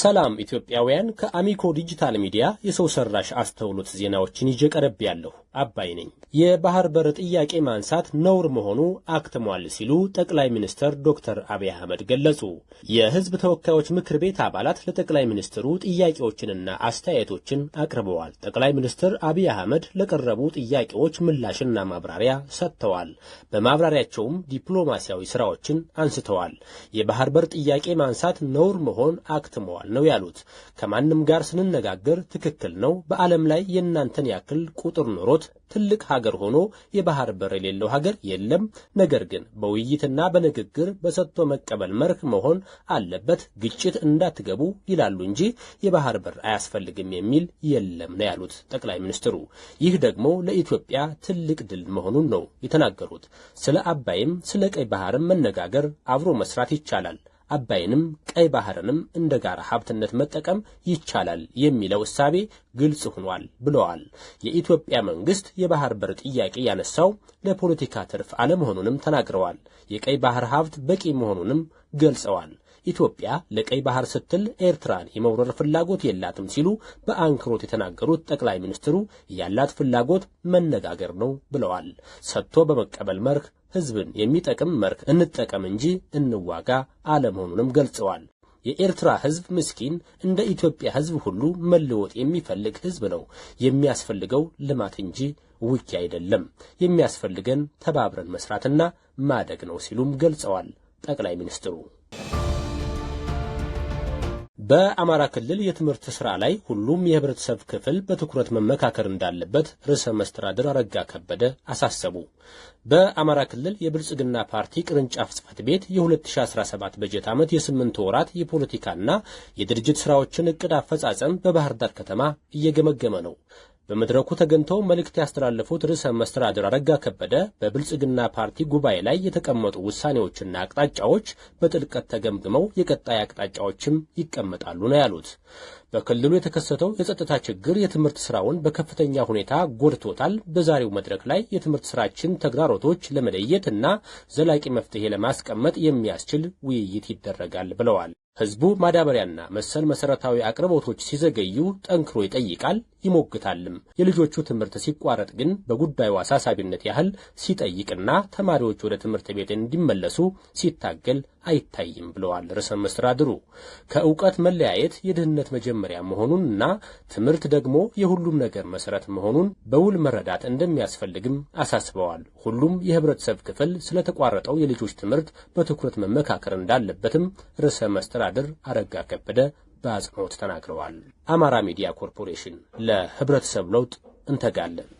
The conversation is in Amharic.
ሰላም ኢትዮጵያውያን፣ ከአሚኮ ዲጂታል ሚዲያ የሰው ሰራሽ አስተውሎት ዜናዎችን ይዤ ቀረብ ያለሁ አባይ ነኝ። የባህር በር ጥያቄ ማንሳት ነውር መሆኑ አክትሟል ሲሉ ጠቅላይ ሚኒስትር ዶክተር አብይ አህመድ ገለጹ። የህዝብ ተወካዮች ምክር ቤት አባላት ለጠቅላይ ሚኒስትሩ ጥያቄዎችንና አስተያየቶችን አቅርበዋል። ጠቅላይ ሚኒስትር አብይ አህመድ ለቀረቡ ጥያቄዎች ምላሽና ማብራሪያ ሰጥተዋል። በማብራሪያቸውም ዲፕሎማሲያዊ ስራዎችን አንስተዋል። የባህር በር ጥያቄ ማንሳት ነውር መሆን አክትመዋል ነው ያሉት። ከማንም ጋር ስንነጋገር ትክክል ነው። በዓለም ላይ የእናንተን ያክል ቁጥር ኖሮት ትልቅ ሀገር ሆኖ የባህር በር የሌለው ሀገር የለም። ነገር ግን በውይይትና በንግግር በሰጥቶ መቀበል መርህ መሆን አለበት። ግጭት እንዳትገቡ ይላሉ እንጂ የባህር በር አያስፈልግም የሚል የለም ነው ያሉት ጠቅላይ ሚኒስትሩ። ይህ ደግሞ ለኢትዮጵያ ትልቅ ድል መሆኑን ነው የተናገሩት። ስለ አባይም ስለ ቀይ ባህርም መነጋገር፣ አብሮ መስራት ይቻላል። አባይንም ቀይ ባህርንም እንደ ጋራ ሀብትነት መጠቀም ይቻላል የሚለው እሳቤ ግልጽ ሆኗል ብለዋል። የኢትዮጵያ መንግስት የባህር በር ጥያቄ ያነሳው ለፖለቲካ ትርፍ አለመሆኑንም ተናግረዋል። የቀይ ባህር ሀብት በቂ መሆኑንም ገልጸዋል። ኢትዮጵያ ለቀይ ባህር ስትል ኤርትራን የመውረር ፍላጎት የላትም ሲሉ በአንክሮት የተናገሩት ጠቅላይ ሚኒስትሩ ያላት ፍላጎት መነጋገር ነው ብለዋል። ሰጥቶ በመቀበል መርህ ህዝብን የሚጠቅም መርህ እንጠቀም እንጂ እንዋጋ አለመሆኑንም ገልጸዋል። የኤርትራ ህዝብ ምስኪን እንደ ኢትዮጵያ ህዝብ ሁሉ መለወጥ የሚፈልግ ህዝብ ነው። የሚያስፈልገው ልማት እንጂ ውጊያ አይደለም። የሚያስፈልገን ተባብረን መስራትና ማደግ ነው ሲሉም ገልጸዋል ጠቅላይ ሚኒስትሩ። በአማራ ክልል የትምህርት ስራ ላይ ሁሉም የህብረተሰብ ክፍል በትኩረት መመካከር እንዳለበት ርዕሰ መስተዳድር አረጋ ከበደ አሳሰቡ። በአማራ ክልል የብልጽግና ፓርቲ ቅርንጫፍ ጽህፈት ቤት የ2017 በጀት ዓመት የስምንት ወራት የፖለቲካና የድርጅት ስራዎችን እቅድ አፈጻጸም በባህር ዳር ከተማ እየገመገመ ነው። በመድረኩ ተገኝተው መልእክት ያስተላለፉት ርዕሰ መስተዳድር አረጋ ከበደ በብልጽግና ፓርቲ ጉባኤ ላይ የተቀመጡ ውሳኔዎችና አቅጣጫዎች በጥልቀት ተገምግመው የቀጣይ አቅጣጫዎችም ይቀመጣሉ ነው ያሉት። በክልሉ የተከሰተው የጸጥታ ችግር የትምህርት ስራውን በከፍተኛ ሁኔታ ጎድቶታል። በዛሬው መድረክ ላይ የትምህርት ስራችን ተግዳሮቶች ለመለየት እና ዘላቂ መፍትሄ ለማስቀመጥ የሚያስችል ውይይት ይደረጋል ብለዋል። ህዝቡ ማዳበሪያና መሰል መሰረታዊ አቅርቦቶች ሲዘገዩ ጠንክሮ ይጠይቃል፣ ይሞግታልም። የልጆቹ ትምህርት ሲቋረጥ ግን በጉዳዩ አሳሳቢነት ያህል ሲጠይቅና ተማሪዎች ወደ ትምህርት ቤት እንዲመለሱ ሲታገል አይታይም ብለዋል ርዕሰ መስተዳድሩ። ከእውቀት መለያየት የድህነት መጀመሪያ መሆኑን እና ትምህርት ደግሞ የሁሉም ነገር መሰረት መሆኑን በውል መረዳት እንደሚያስፈልግም አሳስበዋል። ሁሉም የህብረተሰብ ክፍል ስለተቋረጠው የልጆች ትምህርት በትኩረት መመካከር እንዳለበትም ርዕሰ መስተዳድር አረጋ ከበደ በአጽንኦት ተናግረዋል። አማራ ሚዲያ ኮርፖሬሽን ለህብረተሰብ ለውጥ እንተጋለን።